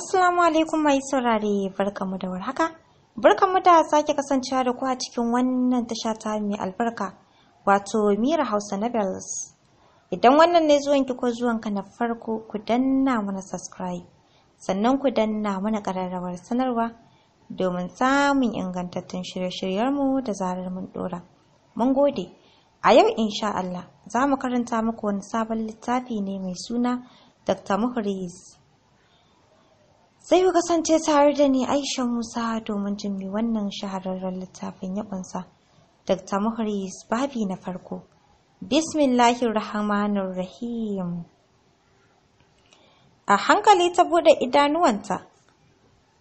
Assalamu alaikum mai saurare barkamu da warhaka. Barkamu da sake kasancewa da ku a cikin wannan tasha ta mai albarka wato Mira Hausa Novels. Idan wannan ne zuwan ki ko zuwan ka na farko ku danna mana subscribe sannan ku danna mana kararrawar sanarwa domin samun ingantattun shirye mu da zarar mun dora. Mun gode. A yau insha Allah za mu karanta muku wani sabon littafi ne mai suna Dr. Muhriz. sai ku kasance tare da ni Aisha Musa domin jin wannan shahararren littafin ya kunsa. Dr. Muhris babi na farko. Bismillahir Rahmanir Rahim. A hankali ta bude idanuwanta.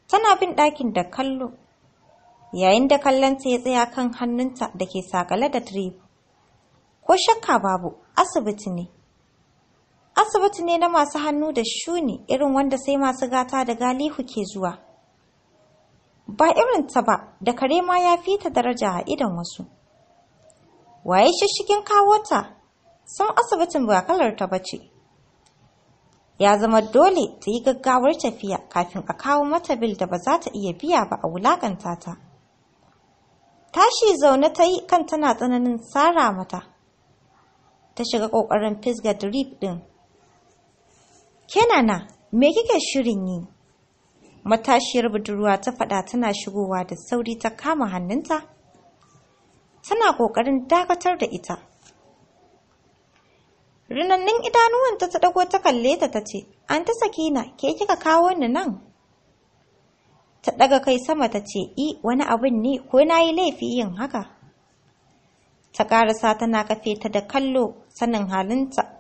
Tana bin ɗakin da kallo. Yayin da kallonta ya tsaya kan hannunta da ke sakale da trip. Ko shakka babu, asibiti ne. Asibiti ne na masu hannu da shuni irin wanda sai masu gata da galihu ke zuwa. Ba irin ta ba, da kare ma ya fi ta daraja a idon wasu. Waye shishigin kawo ta, san asibitin ba ta ba ce. Ya zama dole ta yi gaggawar tafiya kafin a kawo mata bil da ba za ta iya biya ba a wulakanta ta. Tashi zaune ta yi kan tana tsananin tsara mata. Ta shiga ƙoƙarin fisga drip ɗin Kenana, me kike shirin yi? Matashiyar budurwa ta faɗa tana shigowa da sauri ta kama hannunta. Tana ƙoƙarin dakatar da ita. Rinannin idanuwanta ta ɗago ta kalle ta ta ce, An ta sakina, ke kika kawo ni nan? Ta ɗaga kai sama ta ce, I, wani abin ne, ko na yi laifi yin haka? Ta ƙarasa tana kafe ta da kallo sanin halinta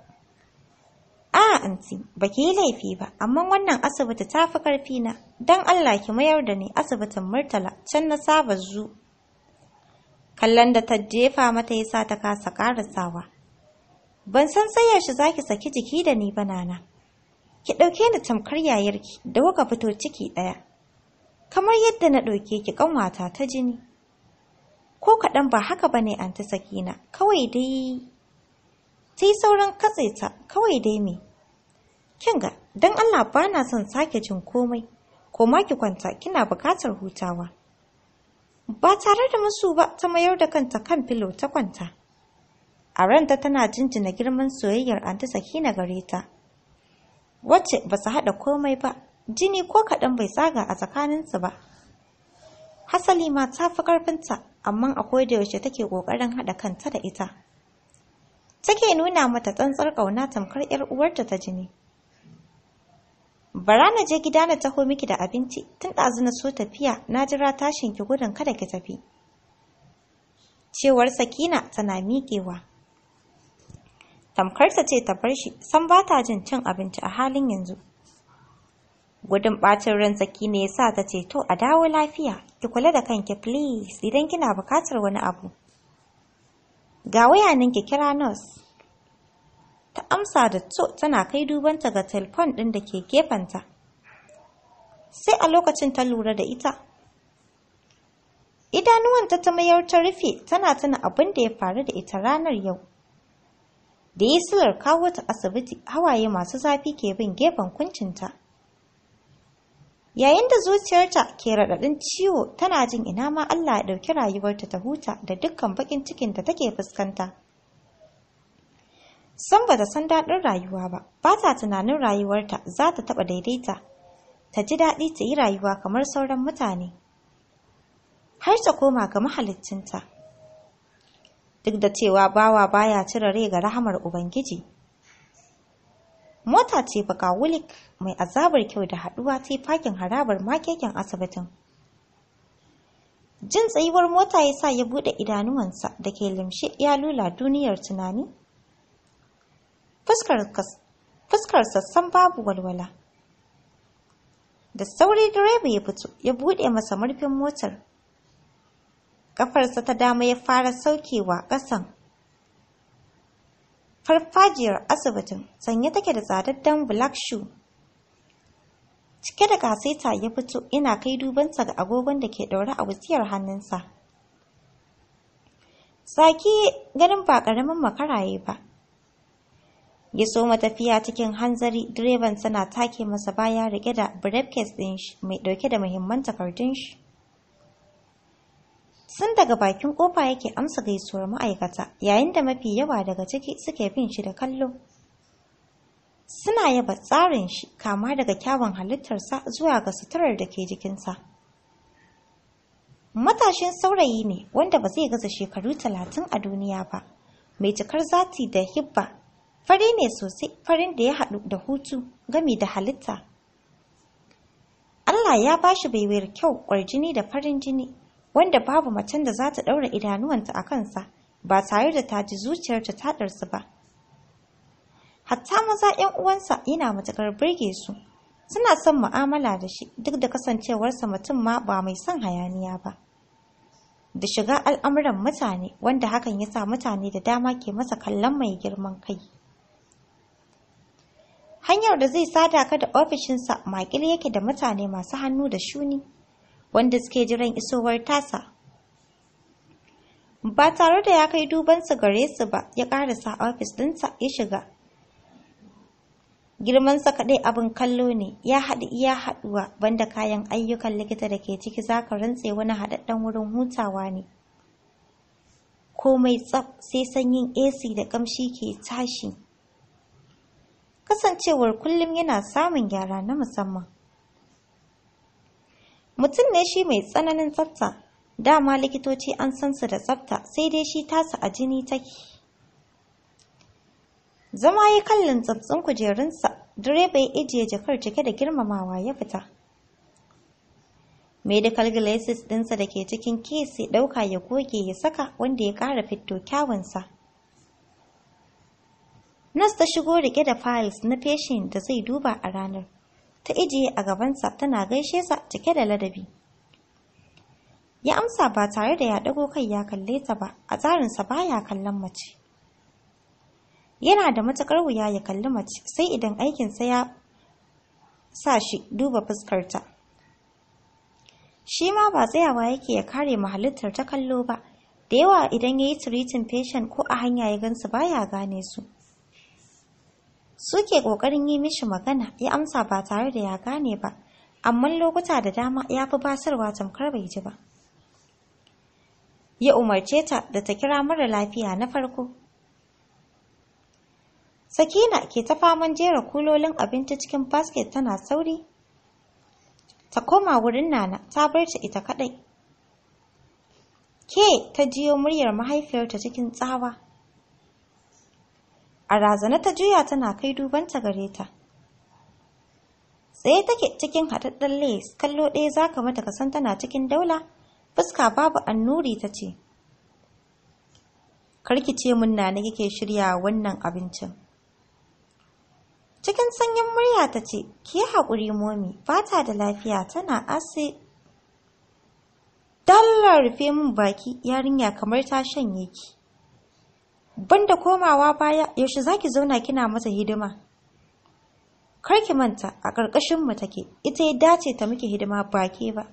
A anti, ba ke yi laifi ba, amma wannan asibiti ta fi ƙarfi na. Don Allah ki mayar da ni asibitin Murtala, can na saba zu. Kallon da ta jefa mata ya sa ta kasa ƙarasawa. Ban san sai yaushe za ki saki jiki da ni ba nana. Ki ɗauke ni tamkar yayarki da kuka fito ciki ɗaya. Kamar yadda na ɗauke ki ƙanwata ta jini. Ko kaɗan ba haka bane ne anti sakina, kawai dai Sai sauran katse ta kawai dai me. Kinga, don Allah ba na son sake jin komai, ko ma ki kwanta kina bukatar hutawa. Ba tare da musu ba ta mayar da kanta kan filo ta kwanta. A ranta tana jinjina girman soyayyar anti na gare ta. Wacce ba su haɗa komai ba, jini ko kaɗan bai tsaga a tsakaninsu ba. Hasali ma ta fi ƙarfinta, amma a da yaushe take ƙoƙarin haɗa kanta da ita. take nuna mata tsantsar ƙauna tamkar ‘yar uwarta ta jini. Bara na je gida na taho miki da abinci, tun ɗazu na so tafiya na jira tashin ki gudun kada ki tafi. Cewar Sakina tana miƙewa. Tamkarsa ce ta bar shi, san ba ta jin cin abinci a halin yanzu. Gudun ɓacin ran ne ya sa ta ce, To, a dawo lafiya, ki kula da kanki please idan kina buƙatar wani abu. Ga waya nan ki kira nurse. Ta amsa da to tana kai dubanta ga telefon ɗin da ke gefenta. Sai a lokacin ta lura da ita. Idanuwanta ta mayar ta rufe tana tuna abin da ya faru da ita ranar yau. Da yi silar kawo ta asibiti hawaye masu zafi ke bin gefen kuncinta. yayin da zuciyarta ke raɗaɗin ciwo tana jin ina ma Allah ya ɗauki rayuwarta ta huta da dukkan baƙin cikin da take fuskanta. San ba ta san daɗin rayuwa ba, ba ta tunanin rayuwarta za ta taɓa daidaita, ta ji daɗi ta yi rayuwa kamar sauran mutane. Har ta koma ga mahalicinta. Duk da cewa bawa baya cire rai ga rahamar Ubangiji, Mota ce baka wulik mai azabar kyau da haɗuwa ta fakin harabar makekin asibitin. Jin tsayuwar mota ya sa ya buɗe idanuwansa da ke limshe ya lula duniyar tunani. Fuskar sassan babu walwala. Da sauri direba ya fito ya buɗe masa murfin motar. Kafarsa ta dama ya fara saukewa ƙasan farfajiyar asibitin sanye take da tsadaddan black shoe cike da kaseta ya fito yana kai dubansa ga agogon da ke ɗaure a wutsiyar hannunsa saki ganin ba ƙaramin makaraye ba ya so matafiya cikin hanzari direban tana take masa baya rike da briefcase ɗin shi mai ɗauke da muhimman takardun shi sun daga bakin kofa yake amsa gaisuwar ma'aikata yayin da mafi yawa daga ciki suke bin shi da kallo suna yaba tsarin shi kama daga kyawun halittarsa zuwa ga suturar da ke jikinsa matashin saurayi ne wanda ba zai gaza shekaru talatin a duniya ba mai cikar zati da hibba fari ne sosai farin da ya haɗu da hutu gami da halitta Allah ya bashi baiwayar kyau ƙwarjini da farin jini wanda babu macen da za ta ɗaura idanuwanta a kansa ba tare da ta ji zuciyarta ta ɗarsu ba. Hatta maza ‘yan uwansa yana matuƙar birge su, suna son mu'amala da shi duk da kasancewarsa mutum ma ba mai son hayaniya ba. Da shiga al'amuran mutane wanda hakan ya sa mutane da dama ke masa kallon mai girman kai. Hanyar da zai sada ka da ofishinsa makil yake da mutane masu hannu da shuni. wanda suke jiran isowar tasa. Ba tare da ya kai dubansa gare su ba, ya ƙarasa ofis ɗinsa ya shiga. Girmansa kaɗai abin kallo ne, ya haɗu iya haɗuwa banda kayan ayyukan likita da ke ciki za ka rantse wani haɗaɗɗen wurin hutawa ne. Komai tsaf sai sanyin AC da ƙamshi ke tashi. Kasancewar kullum yana samun gyara na musamman. mutum ne shi mai tsananin tsafta dama likitoci an san su da tsafta sai dai shi tasa a jini take zama ya kallon tsabtsin kujerunsa direba ya ijiye jakar cike da girmamawa ya fita medical glasses ɗinsa da ke cikin kesi ɗauka ya goge ya saka wanda ya ƙara fito kyawunsa nas ta shigo riƙe da files na feshin da zai duba a ranar ta ijiye a gabansa tana gaishe sa cike da ladabi. Ya amsa ba tare da ya ɗago kai ya kalle ta ba, a tsarinsa baya kallon mace. Yana da matuƙar wuya ya kalli mace sai idan aikinsa ya sa shi duba fuskarta. Shi ma ba tsayawa yake ya kare mahalittar ta kallo ba, da yawa idan ya yi tiritin ko a hanya ya gansu baya gane su. suke ƙoƙarin yi mishi magana ya amsa ba tare da ya gane ba amma lokuta da dama ya fi basarwa tamkar bai ji ba ya umarce ta da ta kira mara lafiya na farko sakina ke ta faman jera kulolin abinci cikin basket tana sauri ta koma wurin nana ta bar ta ita kadai ke ta jiyo muryar mahaifiyarta cikin tsawa A razana ta juya tana kai dubanta gare ta. Tsaye take cikin haɗaɗɗen lace, kallo ɗaya za ka mata kasan tana cikin daula, fuska babu annuri ta ce. Karki ce mun na ne kike shirya wannan abincin. Cikin sanyin murya ta ce, Ki haƙuri momi, fata da lafiya tana ase. Dallar rufe min baki yarinya kamar ta shanye ki. banda komawa baya yaushe zaki zauna kina masa hidima karki manta a ƙarƙashin mu take ita ya dace ta miki hidima ba ke ba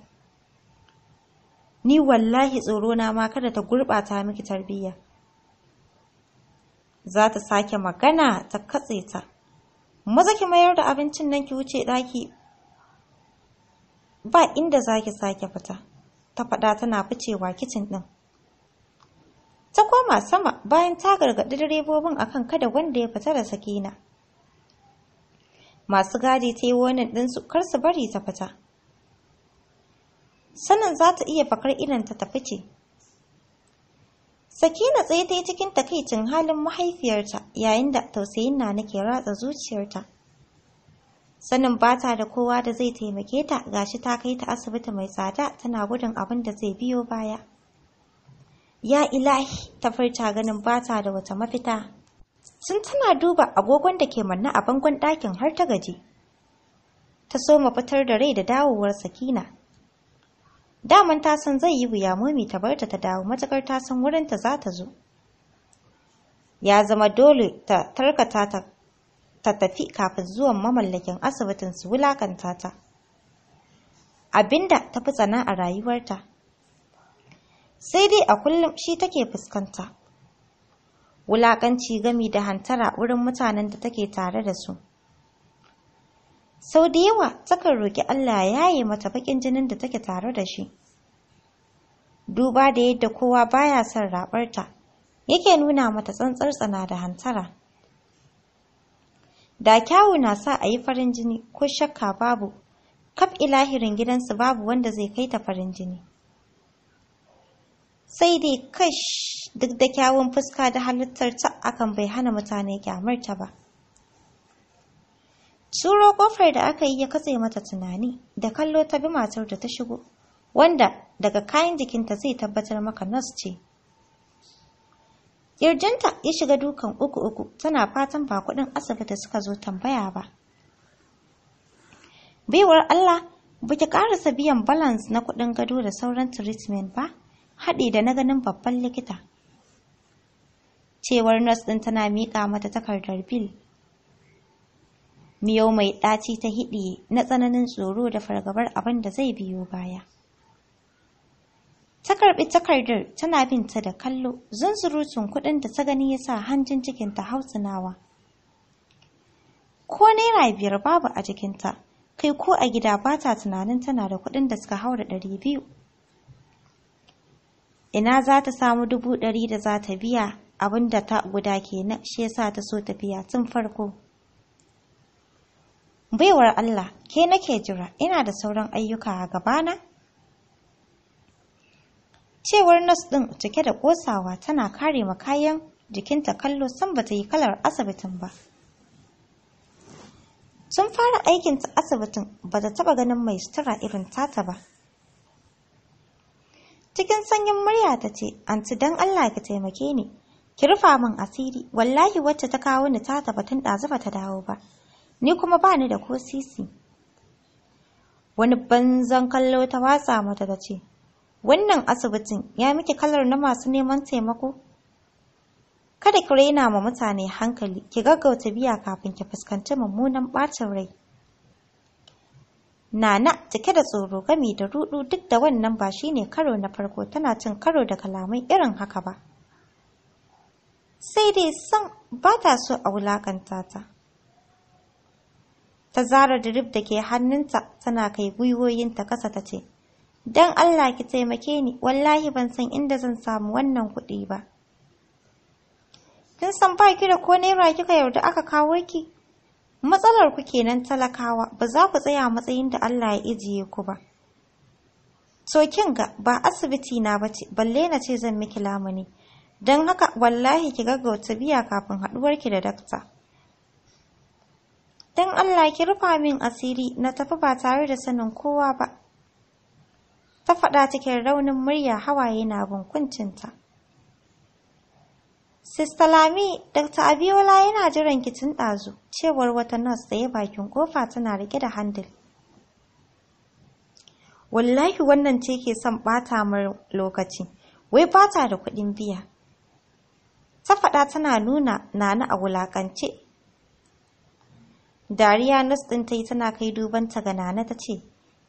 ni wallahi tsoro na ma kada ta gurɓata miki tarbiyya za ta sake magana ta katse ta maza ki mayar da abincin nan ki wuce daki. ba inda zaki sake fita ta faɗa tana ficewa kicin ɗin ta koma sama bayan ta gargaɗi direbobin akan kada wanda ya fita da sakina. Masu gadi ta yi wannan ɗinsu kar su bari ta fita. Sanin za ta iya fakar idan ta tafi ce. Sakina tsaye ta yi cikin takaicin halin mahaifiyarta yayin da tausayin na nake ratsa zuciyarta. Sanin ba ta da kowa da zai taimake ta gashi ta kai ta asibiti mai tsada tana gudun abin da zai biyo baya. Ya ilahi ta furta ganin bata da wata mafita. Sun tana duba agogon da ke manna a bangon ɗakin har ta gaji. Ta soma fitar da rai da dawowar sakina. Daman ta san zai yi wuya momi ta barta ta dawo matakar ta san wurinta za ta zo. Ya zama dole ta tarkata ta ta tafi kafin zuwan mamallakin asibitin su wulakanta ta. Abinda ta fi tsana a rayuwarta. sai dai a kullum shi take fuskanta wulaƙanci gami da hantara wurin mutanen da take tare da su sau da yawa takan roƙi Allah ya yi mata baƙin jinin da take tare da shi duba da yadda kowa baya son raɓarta yake nuna mata tsantsar tsana da hantara da kyawu na sa a yi farin jini ko shakka babu kaf ilahirin gidansu babu wanda zai kai ta farin jini sai dai kash duk da kyawun fuska da halittar ta akan bai hana mutane kyamarta ba Turo kofar da aka yi ya katse mata tunani da kallo ta bi matar da ta shigo, wanda daga kayan jikinta zai tabbatar maka nas ce. Ƙirjinta ya shiga dukan uku-uku tana fatan ba kuɗin asibiti suka zo tambaya ba. Baiwar Allah, ba ki ƙarasa biyan balans na kuɗin gado da sauran treatment ba? haɗi da na ganin babban likita. Cewar nas ɗin tana miƙa mata takardar bil. Miyo mai ɗaci ta hiɗiye na tsananin tsoro da fargabar abin da zai biyo baya. Ta karɓi takardar tana bin ta da kallo, zunzurutun kuɗin da ta gani ya sa hanjin cikinta hautsinawa. Ko naira biyar babu a jikinta, kai ko a gida ba ta tunanin tana da kuɗin da suka haura ɗari biyu. ina za ta samu dubu ɗari da za ta biya abin da ta guda kenan shi yasa ta so tafiya tun farko baiwar Allah ke nake jira ina da sauran ayyuka a gabana cewar nas ɗin cike da ƙosawa tana kare ma kayan jikinta kallo san bata yi kalar asibitin ba sun fara aikin ta asibitin bata taɓa ganin mai sutura irin tata ba Cikin sanyin murya ta ce, "Anti don Allah ki taimake ni, ki rufa min asiri, wallahi wacce ta kawo ni ta taba tun ɗazu ta dawo ba, ni kuma ba ni da ko sisi." Wani banzan kallo ta watsa mata ta ce, "Wannan asibitin ya miki kalar na masu neman taimako?" Kada ki raina ma mutane hankali, ki gaggauta biya kafin ki fuskanci mummunan ɓacin rai. Nana cike da tsoro gami da rudu duk da wannan ba shi ne karo na farko tana cin karo da kalamai irin haka ba. Sai dai san ba ta so a wulakanta ta. Ta zara dirib da ke hannunta tana kai gwiwoyin ta kasa ta ce, Don Allah ki taimake ni, wallahi ban san inda zan samu wannan kuɗi ba. Kin san ba ki da ko naira kika yarda aka kawo ki? matsalar ku kenan talakawa ba za ku tsaya matsayin da Allah ya ijiye ku ba so ga ba asibiti na bace balle na ce zan miki lamuni don haka wallahi ki gaggauta biya kafin ki da dakta don Allah ki rufa min asiri na tafi ba tare da sanin kowa ba. Ta faɗa cikin raunin murya hawaye na bunkuncinta. Sista Lami, Dr. Abiola yana jiran ki ɗazu, cewar wata nurse yi bakin ƙofa tana rike da handil. Wallahi wannan ce ke son bata mar lokaci, wai bata da kuɗin biya. Ta faɗa tana nuna nana a wulaƙance. Dariya nurse ɗin ta yi tana kai duban ta ga nana ta ce,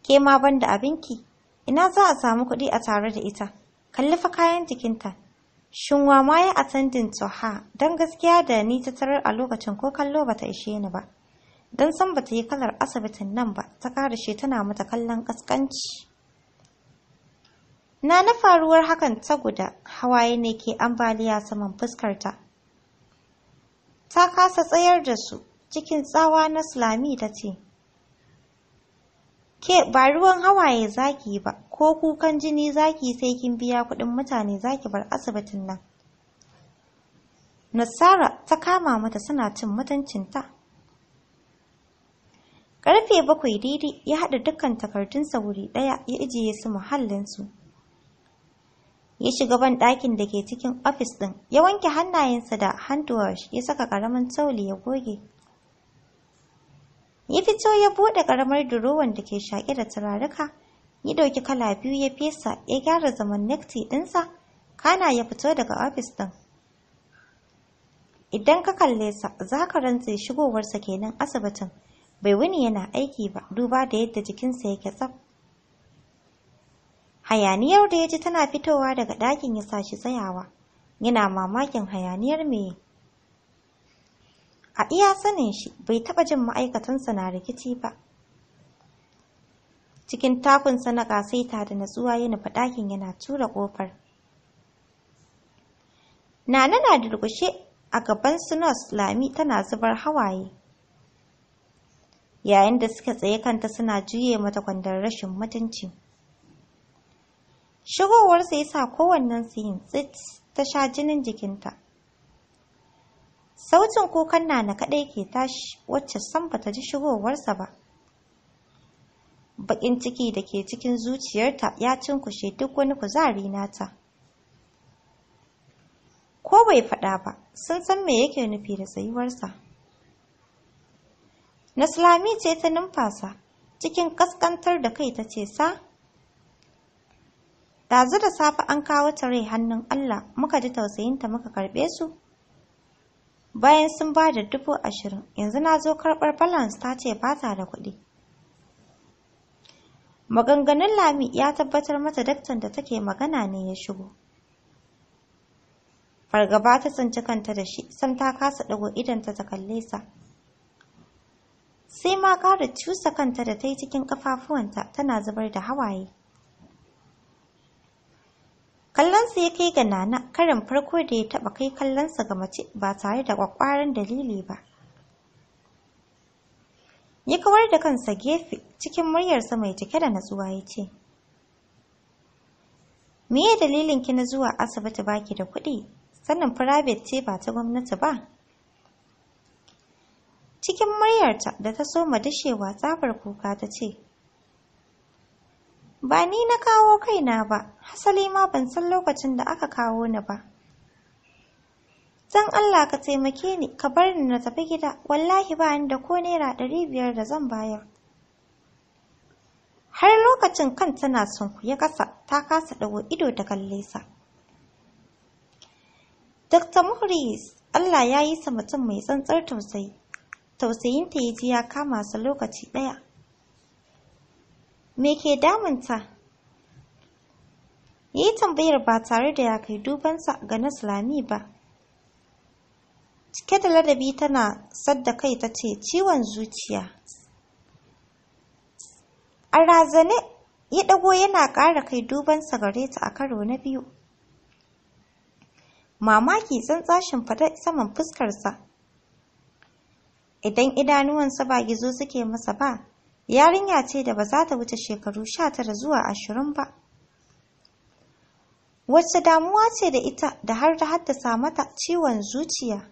ke ma ban abinki, ina za a samu kuɗi a tare da ita, kalli fa kayan jikinta. Shin wa ma ya asandin Tsoha don gaskiya da ni ta tarar a lokacin ko kallo bata ishe ni ba. Don san bata yi kalar asibitin nan ba, ta shi tana mata kallon ƙasƙanci. Na na faruwar hakan ta guda, hawaye ne ke ambaliya saman fuskarta. Ta kasa tsayar da su, cikin tsawa na Sulami ta ce, Ke ba ruwan hawaye zaki ba, ko kukan jini zaki sai kin biya kuɗin mutane zaki bar asibitin nan. Nasara ta kama mata suna cin mutuncinta. Karfe bakwai daidai ya haɗa dukkan sa wuri ɗaya ya ijiye su muhallinsu. Ya shiga ban ɗakin da ke cikin ofis ɗin, ya wanke hannayensa da hand wash ya saka ƙaramin tauli ya goge. ya fito ya buɗe karamar durowan da ke shaƙe da turaruka ya ɗauki kala biyu ya fesa ya gyara zaman nekti ɗinsa kana ya fito daga ofis ɗin idan ka kalle sa za ka rantse shigowarsa kenan asibitin bai wuni yana aiki ba duba da yadda jikinsa yake tsaf hayaniyar da ya ji tana fitowa daga ɗakin ya sa shi tsayawa yana mamakin hayaniyar me A iya sanin shi bai taɓa jin ma'aikatansa na rikici ba. Cikin takunsa na ƙasaita da natsuwa ya nufa ɗakin yana tura ƙofar. Nana na durƙushe a gaban Sinos Lami tana zubar hawaye. Yayin da suka tsaye kanta suna juye mata kwandon rashin mutunci. Shigowarsa ya sa kowannensu yin tsit ta sha jinin jikinta. Sautin kukan na na kaɗai ke tashi wacce sam bata ji shigowarsa ba. Bakin ciki da ke cikin zuciyarta ya cinkushe duk wani kuzari nata. Ko bai faɗa ba, sun san me yake nufi da tsayuwarsa. Naslami ce ta numfasa, cikin kaskantar da kai ta ce sa, Dazu da safe an kawo ta rai hannun Allah muka ji tausayinta muka karɓe su. bayan sun ba da dubu ashirin yanzu na zo karɓar balance ta ce ba ta da kuɗi maganganun lami ya tabbatar mata daktan da take magana ne ya shigo fargaba ta tsinci kanta da shi sam ta kasa ɗago idonta ta kalle sa sai ma ƙara cusa kanta da ta yi cikin ƙafafuwanta tana zubar da hawaye Kallonsa ya kai ga Nana karin farko da ya taɓa kai kallonsa ga mace ba tare da kwakwaran dalili ba. Ya kawar da kansa gefe cikin muryarsa mai cike da natsuwa ya ce, Me dalilin ki na zuwa asibiti baki da kuɗi, sannan firabet ce ba ta gwamnati ba? Cikin muryarta da ta so ma dashewa tsabar kuka ta ce, Ba ni na kawo kaina ba, hasali ma ban san lokacin da aka kawo ni ba. Zan Allah ka taimake ni, ka bar ni na tafi gida, wallahi ba ni da ko naira ɗari biyar da zan bayar. Har lokacin kan tana sunkuye ƙasa, ta kasa ɗago ido da kalle sa. Dr. Muhris, Allah ya yi sa mutum mai tsantsar tausayi, tausayinta ya ji ya kama sa lokaci ɗaya. Me ke damunta? Ya yi tambayar ba tare da ya kai dubansa ga Naslami ba. Cike da ladabi tana sadda kai ta ce ciwon zuciya. A razane ya ɗago yana ƙara kai dubansa gare ta a karo na biyu. Mamaki tsantsashin fada saman fuskarsa. Idan idanuwansa ba gizo suke masa ba, yarinya ce da ba za ta wuce shekaru sha tara zuwa ashirin ba wacce damuwa ce da ita da har da haddasa mata ciwon zuciya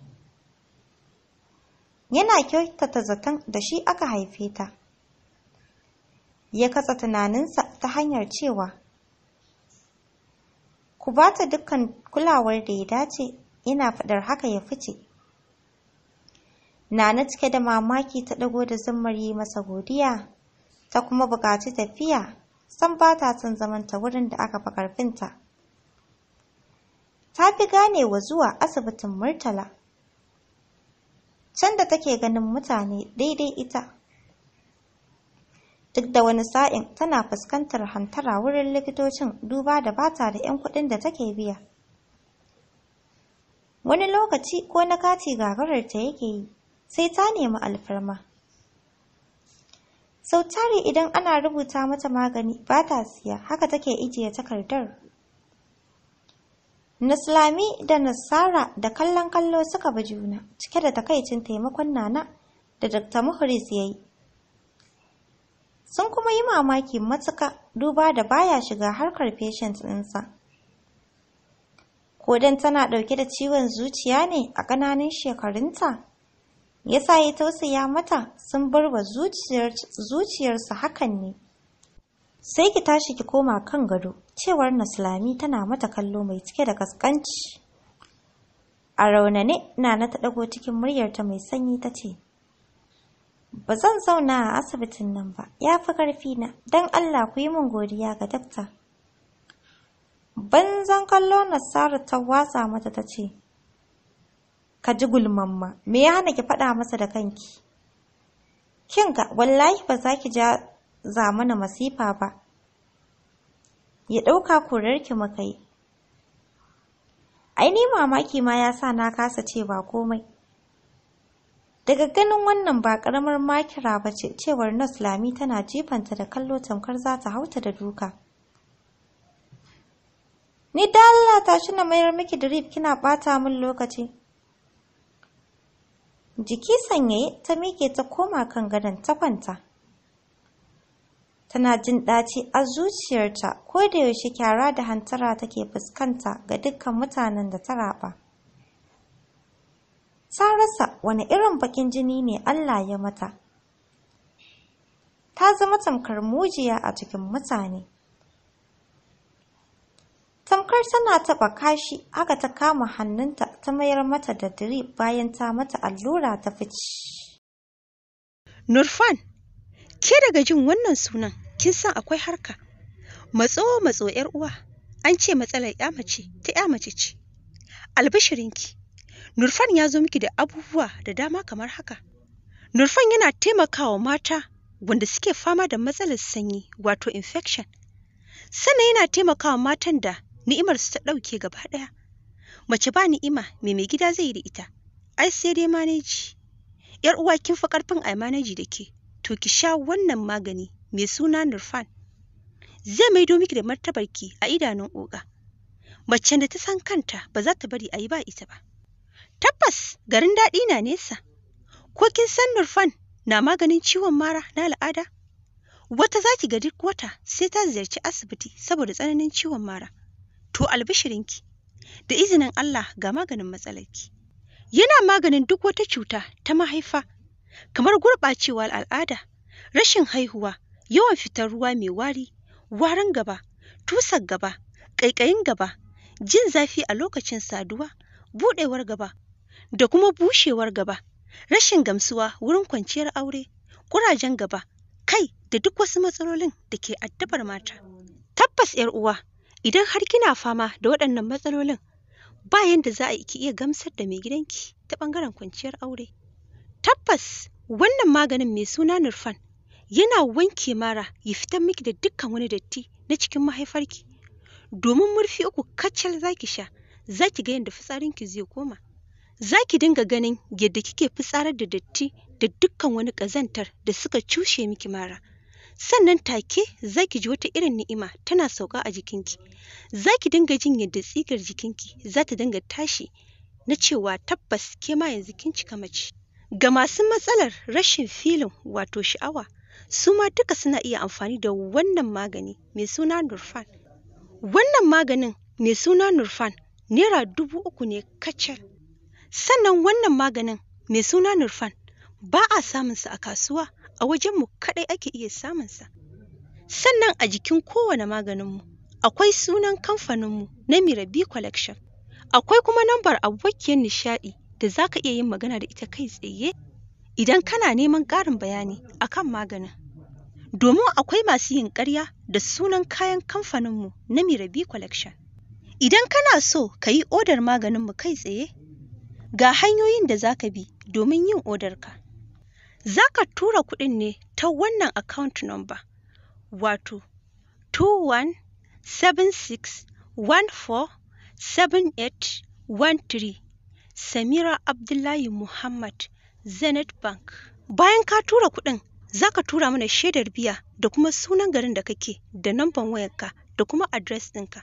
yana kyautata zaton da shi aka haife ta ya katsa tunaninsa ta hanyar cewa ku ba ta dukkan kulawar da ya dace yana faɗar haka ya fice Nana cike da mamaki ta ɗago da zimmar yi masa godiya, ta kuma buƙaci tafiya, san ba ta son zamanta wurin da aka fi ƙarfinta. Ta fi gane wa zuwa asibitin Murtala, can da take ganin mutane daidai ita. Duk da wani sa'in tana fuskantar hantara wurin likitocin duba da ba ta da ‘yan kuɗin da take biya. Wani lokaci ko na kati gagarar ta yake yi. sai ta nemi alfarma. Sau tari idan ana rubuta mata magani ba ta siya haka take ijiye takardar. Naslami da Nasara da kallon kallo suka bi juna cike da takaicin taimakon nana da Dr. Muhris ya yi. Sun kuma yi mamaki matuka duba da baya shiga harkar patient ɗinsa. Kodan tana ɗauke da ciwon zuciya ne a ƙananan shekarunta? ya sa ya tausaya mata sun bar wa zuciyarsa hakan ne sai ki tashi ki koma kan gado cewar naslami tana mata kallo mai cike da kaskanci a raunane na ta ɗago cikin muryarta mai sanyi ta ce ba zan zauna a asibitin nan ba ya fi ƙarfi na don allah ku yi min godiya ga dakta zan kallo tsara ta watsa mata ta ce ka ji gulmamma me ya hana ki faɗa masa da kanki kin ga wallahi ba za ki ja zamana masifa ba ya ɗauka korar ki makai ai ni mamaki ma ya sa na kasa ce ba komai daga ganin wannan ba ƙaramar makira ba ce cewar nas lami tana jifanta da kallo tamkar za ta hauta da duka ni dalla shi na mayar miki drip kina ɓata min lokaci Jiki sanyaye ta miƙe ta koma kan gadon ta kwanta. Tana jin ɗaci a zuciyarta ko da yaushe kyara da hantara take fuskanta ga dukkan mutanen da ta raɓa. Ta rasa wani irin baƙin jini ne Allah ya mata. Ta zama tamkar mujiya a cikin mutane. tamkar tana taɓa kashi aka ta kama hannunta ta mayar mata da dire bayan ta mata allura ta fice. Nurfan, ke daga jin wannan sunan kin san akwai harka. Matso matso ‘yar uwa, an ce matsalar ‘ya mace ta ‘ya mace ce. Albishirinki, Nurfan ya zo miki da abubuwa da dama kamar haka. Nurfan yana taimakawa mata wanda suke fama da matsalar sanyi wato infection. Sannan yana taimakawa matan da ni'imar su ta ɗauke gaba ɗaya mace ba ni'ima me mai gida zai yi da ita ai sai dai maneji yar uwa kin fi ƙarfin ai maneji da ke to ki sha wannan magani mai suna nurfan zai maido miki da martabarki a idanun oga macen da ta san kanta ba za ta bari a yi ba ita ba tabbas garin daɗi na nesa ko kin san nurfan na maganin ciwon mara na al'ada wata za ki ga duk wata sai ta ziyarci asibiti saboda tsananin ciwon mara to albishirinki da izinin Allah ga maganin matsalarki yana maganin duk wata cuta ta mahaifa kamar gurɓacewar al'ada rashin haihuwa yawan fitar ruwa mai wari warin gaba tusar gaba ƙaiƙayin gaba jin zafi a lokacin saduwa buɗewar gaba da kuma bushewar gaba rashin gamsuwa wurin kwanciyar aure ƙurajen gaba kai da duk wasu matsalolin da ke addabar mata tabbas 'yar uwa Idan har kina fama da waɗannan matsalolin, ba yanda za a ki iya gamsar da mai gidanki ta ɓangaren kwanciyar aure. Tabbas wannan maganin mai suna Nurfan yana wanke mara ya fitar miki da dukkan wani datti na cikin mahaifarki. Domin murfi uku kacal za ki sha, za ki ga yadda fitsarinki zai koma. Za ki dinga ganin yadda kike fitsarar da datti da dukkan wani ƙazantar da suka cushe miki mara. sannan take zaki ji wata irin ni'ima tana sauka a jikinki za ki dinga jin yadda tsigar jikinki za ta dinga tashi na cewa tabbas ke ma yanzu kin cika mace ga masu matsalar rashin filin wato sha'awa su ma duka suna iya amfani da wannan magani mai suna nurfan wannan maganin mai suna nurfan naira dubu uku ne kacal sannan wannan maganin mai suna nurfan ba a samunsa a kasuwa a wajenmu kaɗai ake iya samunsa. Sannan a jikin kowane maganinmu akwai sunan kamfaninmu na Mirabi Collection. Akwai kuma nambar abokiyar nishaɗi da za ka iya yin magana da ita kai tsaye idan kana neman ƙarin bayani akan maganin. Domin akwai masu yin ƙarya da sunan kayan kamfaninmu na Mirabi Collection. Idan kana so ka yi odar maganinmu kai tsaye, ga hanyoyin da za ka bi domin yin odarka. za ka tura kuɗin ne ta wannan account number wato 2176147813 Samira Abdullahi Muhammad Zenith Bank. Bayan ka tura kuɗin za ka tura mana shaidar biya da kuma sunan garin da kake da namban wayarka da kuma adres ɗinka.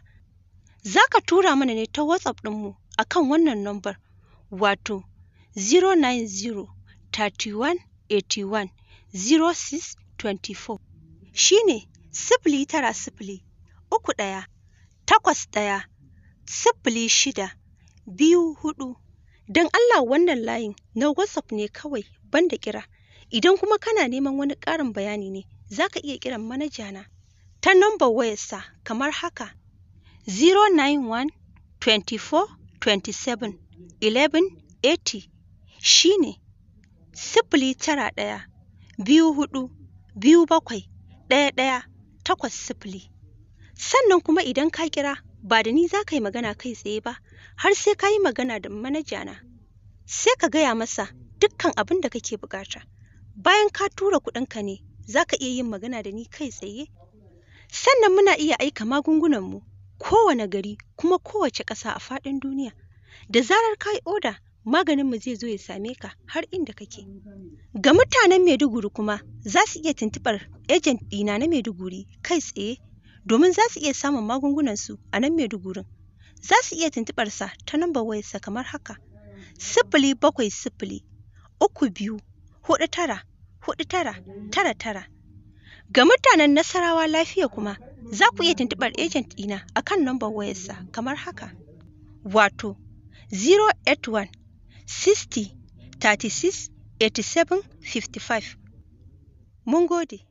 Za ka tura mana ne ta WhatsApp ɗinmu a kan wannan nambar wato 090 31 81 06 24 shi ne sifili tara sifili uku ɗaya takwas ɗaya sifili shida biyu hudu don Allah wannan layin na WhatsApp ne kawai banda kira idan kuma kana neman wani ƙarin bayani ne za ka iya kiran manaja na ta nomba wayarsa kamar haka 091 24 27 11 80 shi ne sifili tara ɗaya biyu hudu biyu bakwai ɗaya ɗaya takwas sifili. Sannan kuma idan ka kira ba da ni za ka yi magana kai tsaye ba har sai ka yi magana da manaja na. Sai ka gaya masa dukkan abin da kake bukata. Bayan ka tura kuɗinka ne za ka iya yin magana da ni kai tsaye. Sannan muna iya aika magungunan mu kowane gari kuma kowace ƙasa a faɗin duniya. Da zarar ka yi oda maganinmu zai zo ya same ka har inda kake. Ga mutanen Maiduguri kuma za su iya tuntuɓar ejen ɗina na Maiduguri kai tsaye domin za su iya samun magungunansu a nan Maidugurin. Za su iya sa ta nambar wayarsa kamar haka. Sifili bakwai sifili uku biyu huɗu tara huɗu tara tara tara. Ga mutanen Nasarawa lafiya kuma za ku iya tuntuɓar ejent ɗina akan nambar wayarsa kamar haka. Wato 081 60 36 87 55. Mun gode.